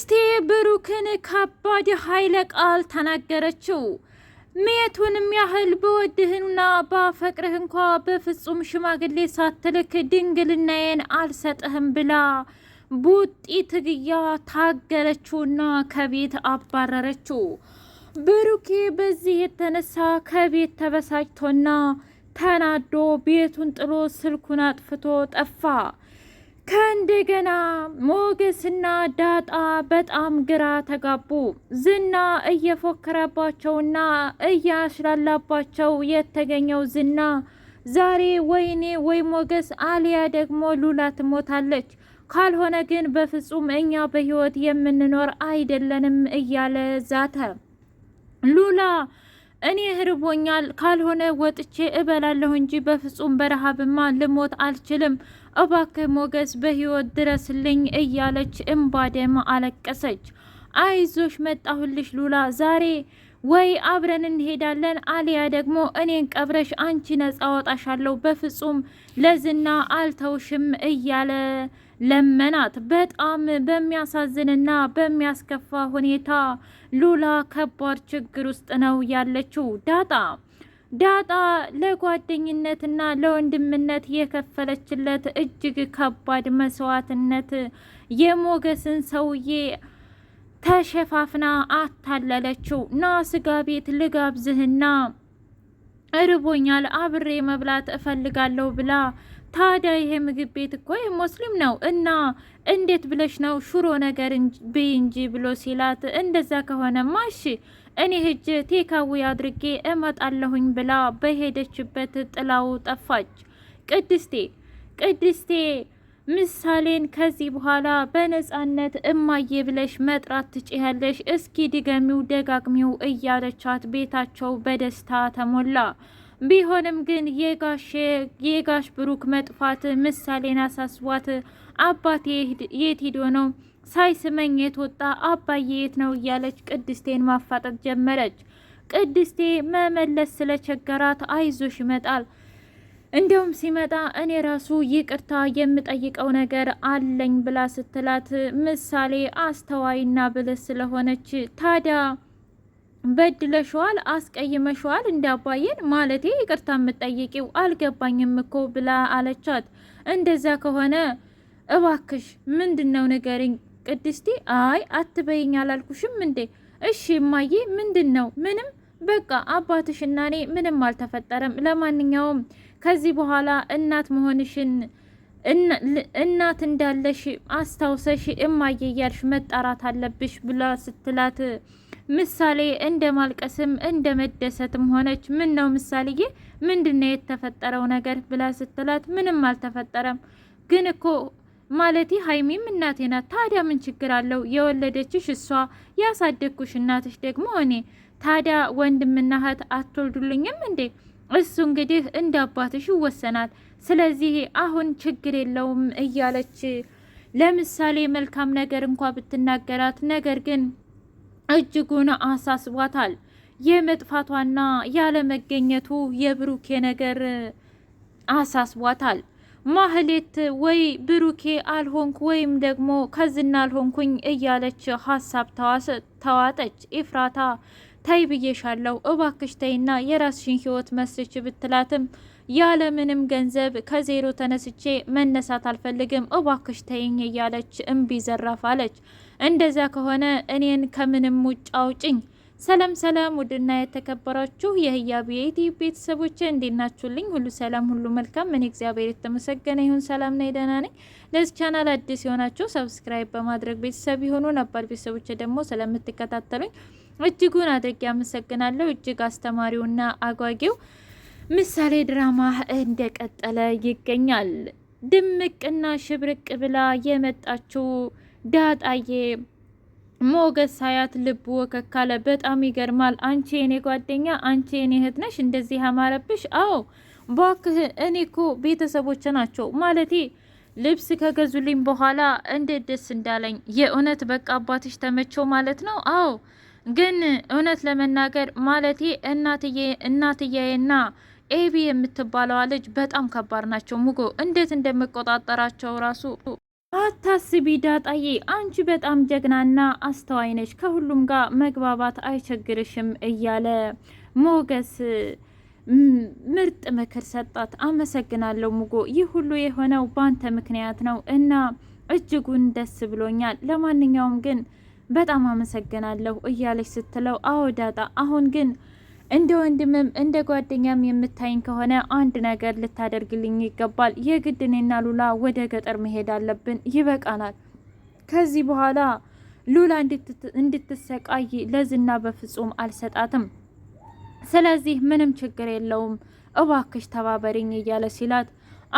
አክስቴ ብሩክን ከባድ ኃይለ ቃል ተናገረችው። ሜቱንም ያህል በወድህና ባፈቅርህ እንኳ በፍጹም ሽማግሌ ሳትልክ ድንግልናዬን አልሰጥህም ብላ ቡጢ ትግያ ታገለችውና ከቤት አባረረችው። ብሩኬ በዚህ የተነሳ ከቤት ተበሳጭቶና ተናዶ ቤቱን ጥሎ ስልኩን አጥፍቶ ጠፋ። ከእንደገና ሞገስና ዳጣ በጣም ግራ ተጋቡ። ዝና እየፎከረባቸውና እያሽላላባቸው የተገኘው ዝና ዛሬ ወይኔ ወይ ሞገስ አሊያ ደግሞ ሉላ ትሞታለች፣ ካልሆነ ግን በፍጹም እኛ በህይወት የምንኖር አይደለንም እያለ ዛተ ሉላ እኔ ህርቦኛል፣ ካልሆነ ወጥቼ እበላለሁ እንጂ በፍጹም በረሃብማ ልሞት አልችልም። እባክህ ሞገስ በህይወት ድረስልኝ እያለች እምባ ደም አለቀሰች። አይዞሽ መጣሁልሽ ሉላ ዛሬ ወይ አብረን እንሄዳለን አሊያ ደግሞ እኔን ቀብረሽ አንቺ ነጻ ወጣሻለሁ። በፍጹም ለዝና አልተውሽም እያለ ለመናት። በጣም በሚያሳዝንና በሚያስከፋ ሁኔታ ሉላ ከባድ ችግር ውስጥ ነው ያለችው። ዳጣ ዳጣ ለጓደኝነትና ለወንድምነት የከፈለችለት እጅግ ከባድ መስዋዕትነት የሞገስን ሰውዬ ተሸፋፍና አታለለችው። ና ስጋ ቤት ልጋብዝህና እርቦኛል አብሬ መብላት እፈልጋለሁ ብላ ታዲያ ይሄ ምግብ ቤት እኮ ሙስሊም ነው እና እንዴት ብለሽ ነው ሹሮ ነገር ብይ እንጂ ብሎ ሲላት፣ እንደዛ ከሆነ ማሽ እኔ ህጅ ቴካዊ አድርጌ እመጣለሁኝ ብላ በሄደችበት ጥላው ጠፋች። ቅድስቴ ቅድስቴ ምሳሌን ከዚህ በኋላ በነጻነት እማዬ ብለሽ መጥራት ትጭያለሽ፣ እስኪ ድገሚው ደጋግሚው እያለቻት ቤታቸው በደስታ ተሞላ። ቢሆንም ግን የጋሽ ብሩክ መጥፋት ምሳሌን አሳስቧት አባቴ የት ሂዶ ነው ሳይስመኝ የትወጣ አባዬ የት ነው እያለች ቅድስቴን ማፋጠጥ ጀመረች። ቅድስቴ መመለስ ስለቸገራት አይዞሽ ይመጣል እንዲሁም ሲመጣ እኔ ራሱ ይቅርታ የምጠይቀው ነገር አለኝ ብላ ስትላት ምሳሌ አስተዋይና ብልህ ስለሆነች ታዲያ በድለሸዋል፣ አስቀይመሸዋል እንደ አባዬን ማለቴ ይቅርታ የምጠይቂው አልገባኝም እኮ ብላ አለቻት። እንደዛ ከሆነ እባክሽ ምንድን ነው ንገሪኝ ቅድስቲ። አይ አትበይኝ አላልኩሽም እንዴ? እሺ እማዬ ምንድን ነው? ምንም በቃ አባትሽና እኔ ምንም አልተፈጠረም። ለማንኛውም ከዚህ በኋላ እናት መሆንሽን እናት እንዳለሽ አስታውሰሽ እማዬ እያልሽ መጣራት አለብሽ ብላ ስትላት ምሳሌ እንደ ማልቀስም እንደ መደሰትም ሆነች። ምን ነው ምሳሌዬ፣ ምንድነው የተፈጠረው ነገር ብላ ስትላት ምንም አልተፈጠረም ግን እኮ ማለት ሀይሚም እናቴ ናት። ታዲያ ምን ችግር አለው? የወለደችሽ እሷ ያሳደግኩሽ እናትሽ ደግሞ እኔ። ታዲያ ወንድምና እህት አትወልዱልኝም እንዴ? እሱ እንግዲህ እንደ አባትሽ ይወሰናል። ስለዚህ አሁን ችግር የለውም እያለች ለምሳሌ መልካም ነገር እንኳ ብትናገራት ነገር ግን እጅጉን አሳስቧታል። የመጥፋቷና ያለመገኘቱ የብሩኬ ነገር አሳስቧታል። ማህሌት ወይ ብሩኬ አልሆንኩ ወይም ደግሞ ከዝና አልሆንኩኝ እያለች ሀሳብ ተዋጠች። ኤፍራታ ተይ ብዬሻለሁ እባክሽ ተይና የራስሽን ህይወት መስች ብትላትም ያለምንም ገንዘብ ከዜሮ ተነስቼ መነሳት አልፈልግም እባክሽ ተይኝ እያለች እምቢ ዘራፍ አለች። እንደዛ ከሆነ እኔን ከምንም ውጭ አውጭኝ። ሰላም ሰላም፣ ውድና የተከበራችሁ የህያብ የኢቲ ቤተሰቦች እንዴናችሁልኝ? ሁሉ ሰላም፣ ሁሉ መልካም። እኔ እግዚአብሔር የተመሰገነ ይሁን ሰላም ነኝ፣ ደህና ነኝ። ለዚህ ቻናል አዲስ የሆናችሁ ሰብስክራይብ በማድረግ ቤተሰብ የሆኑ ነባር ቤተሰቦች ደግሞ ስለምትከታተሉኝ እጅጉን አድርጌ አመሰግናለሁ። እጅግ አስተማሪውና አጓጊው ምሳሌ ድራማ እንደቀጠለ ይገኛል። ድምቅና ሽብርቅ ብላ የመጣችው ዳጣዬ ሞገስ ሳያት ልብ ወከካለ። በጣም ይገርማል። አንቺ የኔ ጓደኛ፣ አንቺ የኔ እህት ነሽ፣ እንደዚህ ያማረብሽ? አዎ ባክህ፣ እኔ እኮ ቤተሰቦች ናቸው ማለቴ ልብስ ከገዙልኝ በኋላ እንዴት ደስ እንዳለኝ የእውነት በቃ አባትሽ ተመቸው ማለት ነው። አዎ ግን እውነት ለመናገር ማለቴ እናትዬ እናትዬና ኤቢ የምትባለዋ ልጅ በጣም ከባድ ናቸው። ሙጎ እንዴት እንደምቆጣጠራቸው ራሱ አታስቢ ዳጣዬ፣ አንቺ በጣም ጀግናና አስተዋይ ነሽ፣ ከሁሉም ጋር መግባባት አይቸግርሽም እያለ ሞገስ ምርጥ ምክር ሰጣት። አመሰግናለሁ ሙጎ፣ ይህ ሁሉ የሆነው ባንተ ምክንያት ነው እና እጅጉን ደስ ብሎኛል። ለማንኛውም ግን በጣም አመሰግናለሁ እያለች ስትለው፣ አዎ ዳጣ፣ አሁን ግን እንደ ወንድምም እንደ ጓደኛም የምታይኝ ከሆነ አንድ ነገር ልታደርግልኝ ይገባል። የግድ እኔና ሉላ ወደ ገጠር መሄድ አለብን። ይበቃናል። ከዚህ በኋላ ሉላ እንድትሰቃይ ለዝና በፍጹም አልሰጣትም። ስለዚህ ምንም ችግር የለውም፣ እባክሽ ተባበሪኝ እያለ ሲላት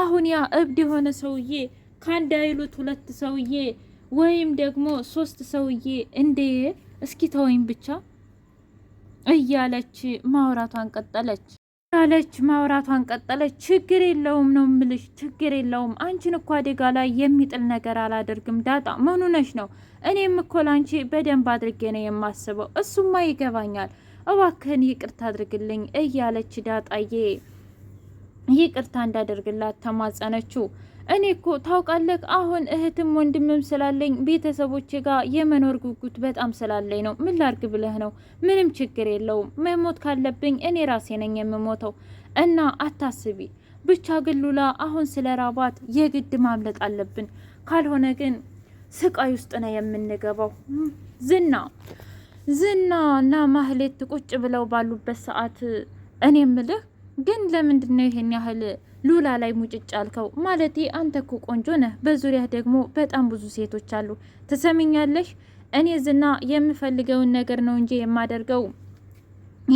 አሁን ያ እብድ የሆነ ሰውዬ ከአንድ አይሉት ሁለት ሰውዬ ወይም ደግሞ ሶስት ሰውዬ እንዴ፣ እስኪ ተወኝ ብቻ እያለች ማውራቷን ቀጠለች ያለች ማውራቷን ቀጠለች። ችግር የለውም ነው ምልሽ፣ ችግር የለውም አንቺን እኮ አደጋ ላይ የሚጥል ነገር አላደርግም። ዳጣ ምን ሆነሽ ነው? እኔም እኮ ላንቺ በደንብ አድርጌ ነው የማስበው። እሱማ ይገባኛል። እባክህን ይቅርታ አድርግልኝ እያለች ዳጣዬ ይቅርታ እንዳደርግላት ተማጸነችው። እኔ እኮ ታውቃለህ፣ አሁን እህትም ወንድምም ስላለኝ ቤተሰቦቼ ጋር የመኖር ጉጉት በጣም ስላለኝ ነው። ምን ላርግ ብለህ ነው? ምንም ችግር የለውም። መሞት ካለብኝ እኔ ራሴ ነኝ የምሞተው እና አታስቢ። ብቻ ግን ሉላ አሁን ስለ ራባት የግድ ማምለጥ አለብን፣ ካልሆነ ግን ስቃይ ውስጥ ነው የምንገባው። ዝና ዝና እና ማህሌት ቁጭ ብለው ባሉበት ሰዓት እኔ ምልህ ግን ለምንድን ነው ይሄን ያህል ሉላ ላይ ሙጭጭ አልከው። ማለቴ አንተ እኮ ቆንጆ ነህ፣ በዙሪያ ደግሞ በጣም ብዙ ሴቶች አሉ። ትሰሚኛለሽ? እኔ ዝና የምፈልገውን ነገር ነው እንጂ የማደርገው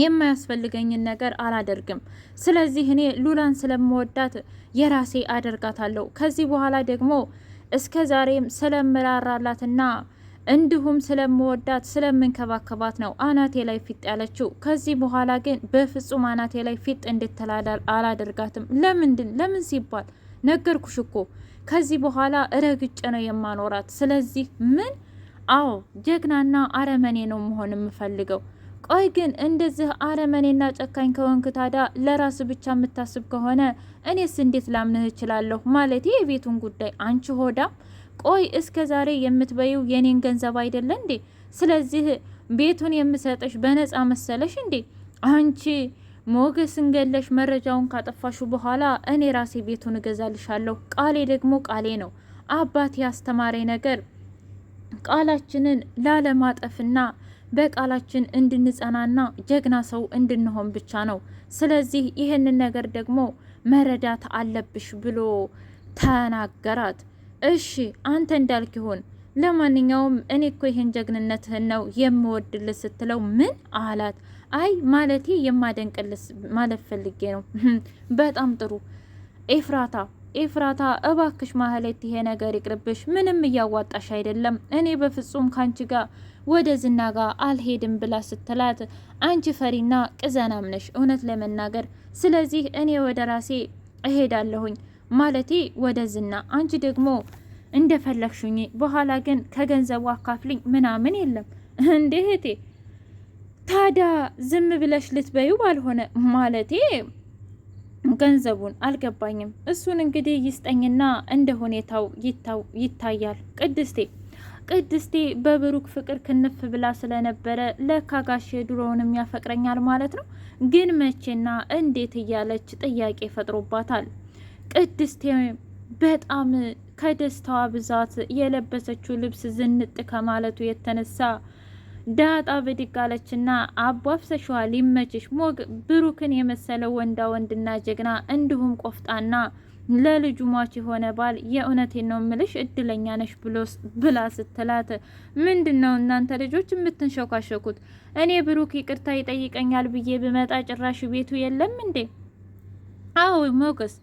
የማያስፈልገኝን ነገር አላደርግም። ስለዚህ እኔ ሉላን ስለምወዳት የራሴ አደርጋታለሁ። ከዚህ በኋላ ደግሞ እስከ ዛሬም ስለምራራላትና እንዲሁም ስለምወዳት ስለምንከባከባት ነው አናቴ ላይ ፊጥ ያለችው። ከዚህ በኋላ ግን በፍጹም አናቴ ላይ ፊጥ እንድትላዳል አላደርጋትም። ለምንድን ለምን ሲባል ነገርኩሽ እኮ ከዚህ በኋላ እረግጭ ነው የማኖራት። ስለዚህ ምን አዎ ጀግናና አረመኔ ነው መሆን የምፈልገው። ቆይ ግን እንደዚህ አረመኔና ጨካኝ ከሆንክ ታዲያ ለራስ ብቻ የምታስብ ከሆነ እኔስ እንዴት ላምንህ እችላለሁ? ማለት የቤቱን ጉዳይ አንቺ ሆዳ ቆይ እስከ ዛሬ የምትበይው የኔን ገንዘብ አይደለ እንዴ? ስለዚህ ቤቱን የምሰጠሽ በነፃ መሰለሽ እንዴ? አንቺ ሞገስን ገለሽ መረጃውን ካጠፋሹ በኋላ እኔ ራሴ ቤቱን እገዛልሻለሁ። ቃሌ ደግሞ ቃሌ ነው። አባት ያስተማረኝ ነገር ቃላችንን ላለማጠፍና በቃላችን እንድንጸናና ጀግና ሰው እንድንሆን ብቻ ነው። ስለዚህ ይህንን ነገር ደግሞ መረዳት አለብሽ ብሎ ተናገራት። እሺ አንተ እንዳልክ ይሁን። ለማንኛውም እኔ እኮ ይሄን ጀግንነትህን ነው የምወድልህ ስትለው ምን አላት? አይ ማለቴ የማደንቅልስ ማለት ፈልጌ ነው። በጣም ጥሩ ኤፍራታ ኤፍራታ እባክሽ ማህሌት፣ ይሄ ነገር ይቅርብሽ። ምንም እያዋጣሽ አይደለም። እኔ በፍጹም ካንቺ ጋር ወደ ዝና ጋር አልሄድም ብላ ስትላት፣ አንቺ ፈሪና ቅዘናም ነሽ እውነት ለመናገር ስለዚህ እኔ ወደ ራሴ እሄዳለሁኝ ማለቴ ወደ ዝና፣ አንቺ ደግሞ እንደፈለግሽኝ፣ በኋላ ግን ከገንዘቡ አካፍልኝ ምናምን የለም እንዴ እህቴ። ታዲያ ዝም ብለሽ ልትበዩ ባልሆነ ማለቴ ገንዘቡን አልገባኝም። እሱን እንግዲህ ይስጠኝና እንደ ሁኔታው ይታያል። ቅድስቴ ቅድስቴ በብሩክ ፍቅር ክንፍ ብላ ስለነበረ ለካ ጋሼ ድሮውንም ያፈቅረኛል ማለት ነው። ግን መቼና እንዴት እያለች ጥያቄ ፈጥሮባታል። ቅድስቴ በጣም ከደስታዋ ብዛት የለበሰችው ልብስ ዝንጥ ከማለቱ የተነሳ ዳጣ ብድግ አለችና አቦ ይመችሽ። ሞግ ብሩክን የመሰለ ወንዳ ወንድና ጀግና እንዲሁም ቆፍጣና ለልጁ ሟች የሆነ ባል የእውነቴን ነው ምልሽ እድለኛ ነሽ ብላ ስትላት፣ ምንድን ነው እናንተ ልጆች የምትንሸኳሸኩት? እኔ ብሩክ ይቅርታ ይጠይቀኛል ብዬ ብመጣ ጭራሽ ቤቱ የለም እንዴ? አዎ ሞገስ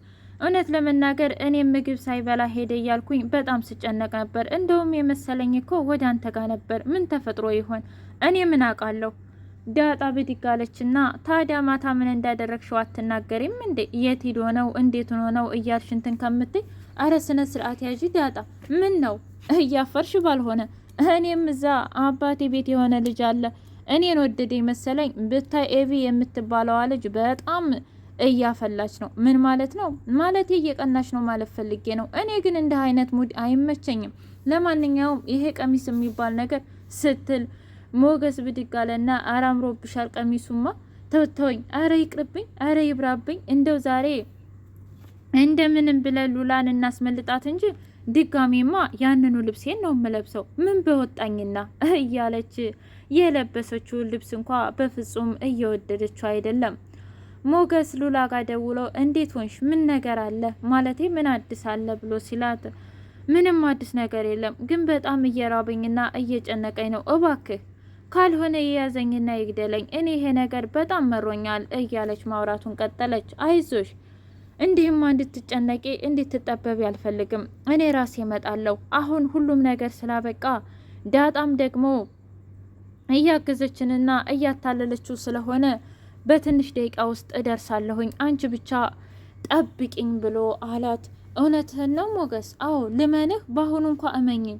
እውነት ለመናገር እኔ ምግብ ሳይበላ ሄደ እያልኩኝ በጣም ስጨነቅ ነበር። እንደውም የመሰለኝ እኮ ወደ አንተ ጋር ነበር። ምን ተፈጥሮ ይሆን? እኔ ምን አውቃለሁ? ዳጣ ብድግ አለችና ታዲያ ማታ ምን እንዳደረግሽው አትናገሪም እንዴ? የት ሂዶ ነው እንዴት ሆኖ ነው እያልሽ እንትን ከምትይ፣ አረ ስነ ስርዓት ያዥ ዳጣ። ምን ነው እያፈርሽ ባልሆነ። እኔም እዛ አባቴ ቤት የሆነ ልጅ አለ እኔን ወደደ መሰለኝ። ብታይ ኤቪ የምትባለዋ ልጅ በጣም እያፈላች ነው። ምን ማለት ነው? ማለት እየቀናች ነው ማለት ፈልጌ ነው። እኔ ግን እንደ አይነት ሙድ አይመቸኝም። ለማንኛውም ይሄ ቀሚስ የሚባል ነገር ስትል ሞገስ ብድግ አለና አረ ቀሚሱማ፣ ተውተውኝ፣ አረ ይቅርብኝ፣ አረ ይብራብኝ፣ እንደው ዛሬ እንደምንም ብለን ሉላን እናስመልጣት እንጂ ድጋሜማ ያንኑ ልብሴን ነው የምለብሰው ምን በወጣኝና እያለች የለበሰችውን ልብስ እንኳ በፍጹም እየወደደችው አይደለም። ሞገስ ሉላ ጋር ደውለው እንዴት ሆንሽ? ምን ነገር አለ ማለቴ ምን አዲስ አለ ብሎ ሲላት ምንም አዲስ ነገር የለም፣ ግን በጣም እየራበኝና እየጨነቀኝ ነው። እባክህ ካልሆነ የያዘኝና ይግደለኝ። እኔ ይሄ ነገር በጣም መሮኛል እያለች ማውራቱን ቀጠለች። አይዞሽ እንዲህማ እንድትጨነቂ እንድትጠበቢ አልፈልግም። እኔ ራሴ እመጣለሁ። አሁን ሁሉም ነገር ስላበቃ ዳጣም ደግሞ እያገዘችንና እያታለለችው ስለሆነ በትንሽ ደቂቃ ውስጥ እደርሳለሁኝ አንቺ ብቻ ጠብቂኝ ብሎ አላት። እውነትህን ነው ሞገስ? አዎ ልመንህ፣ በአሁኑ እንኳ እመኝኝ፣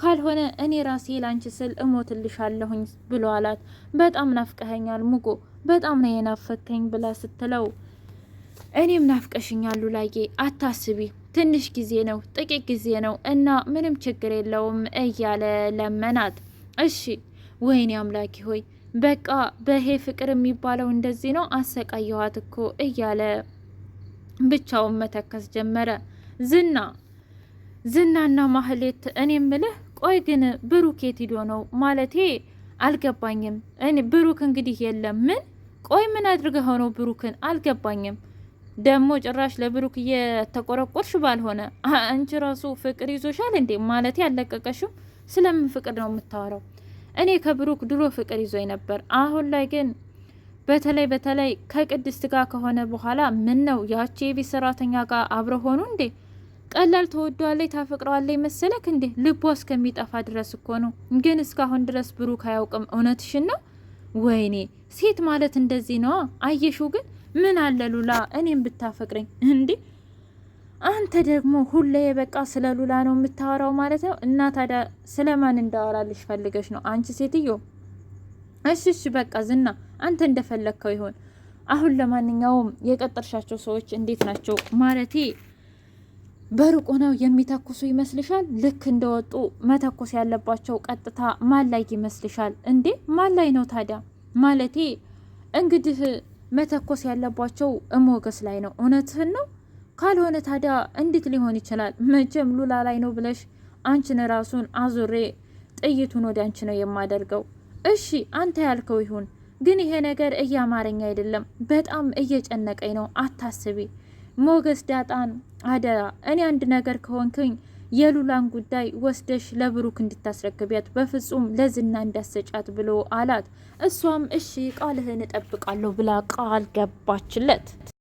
ካልሆነ እኔ ራሴ ላንቺ ስል እሞትልሻለሁኝ ብሎ አላት። በጣም ናፍቀኸኛል ሙጎ፣ በጣም ነው የናፈከኝ ብላ ስትለው እኔም ናፍቀሽኛሉ ላዬ፣ አታስቢ፣ ትንሽ ጊዜ ነው፣ ጥቂት ጊዜ ነው እና ምንም ችግር የለውም እያለ ለመናት። እሺ ወይኔ አምላኪ ሆይ በቃ በሄ ፍቅር የሚባለው እንደዚህ ነው፣ አሰቃየኋት እኮ እያለ ብቻውን መተከስ ጀመረ። ዝና ዝናና ማህሌት እኔ ምልህ ቆይ ግን ብሩክ የት ሂዶ ነው ማለቴ አልገባኝም። እኔ ብሩክ እንግዲህ የለም። ምን ቆይ ምን አድርገህ ነው ብሩክን? አልገባኝም። ደግሞ ጭራሽ ለብሩክ እየተቆረቆርሽ ባልሆነ አንቺ ራሱ ፍቅር ይዞሻል እንዴ? ማለቴ አለቀቀሽም? ስለምን ፍቅር ነው የምታወራው? እኔ ከብሩክ ድሮ ፍቅር ይዞኝ ነበር። አሁን ላይ ግን በተለይ በተለይ ከቅድስት ጋር ከሆነ በኋላ ምን ነው ያቺ የቤት ሰራተኛ ጋር አብረ ሆኑ እንዴ? ቀላል ተወዷለይ ታፈቅረዋለይ መሰለክ እንዴ? ልቧ እስከሚጠፋ ድረስ እኮ ነው። ግን እስካሁን ድረስ ብሩክ አያውቅም። እውነትሽን ነው። ወይኔ ሴት ማለት እንደዚህ ነዋ። አየሹ ግን ምን አለ ሉላ፣ እኔም ብታፈቅረኝ እንዴ አንተ ደግሞ ሁሌ በቃ ስለ ሉላ ነው የምታወራው ማለት ነው። እና ታዲያ ስለ ማን እንዳወራልሽ ፈልገሽ ነው አንቺ ሴትዮ? እሺ እሺ፣ በቃ ዝና፣ አንተ እንደፈለግከው ይሆን። አሁን ለማንኛውም የቀጠርሻቸው ሰዎች እንዴት ናቸው? ማለቴ በሩቁ ነው የሚተኩሱ ይመስልሻል? ልክ እንደወጡ መተኮስ ያለባቸው ቀጥታ ማን ላይ ይመስልሻል? እንዴ ማን ላይ ነው ታዲያ? ማለቴ እንግዲህ መተኮስ ያለባቸው እሞገስ ላይ ነው። እውነትህን ነው ካልሆነ ታዲያ እንዴት ሊሆን ይችላል? መቼም ሉላ ላይ ነው ብለሽ አንቺን ራሱን አዙሬ ጥይቱን ወደ አንቺ ነው የማደርገው። እሺ አንተ ያልከው ይሁን፣ ግን ይሄ ነገር እያማረኝ አይደለም፣ በጣም እየጨነቀኝ ነው። አታስቢ ሞገስ፣ ዳጣን አደራ። እኔ አንድ ነገር ከሆንክኝ የሉላን ጉዳይ ወስደሽ ለብሩክ እንድታስረክቢያት በፍጹም ለዝና እንዳሰጫት ብሎ አላት። እሷም እሺ ቃልህን እጠብቃለሁ ብላ ቃል ገባችለት።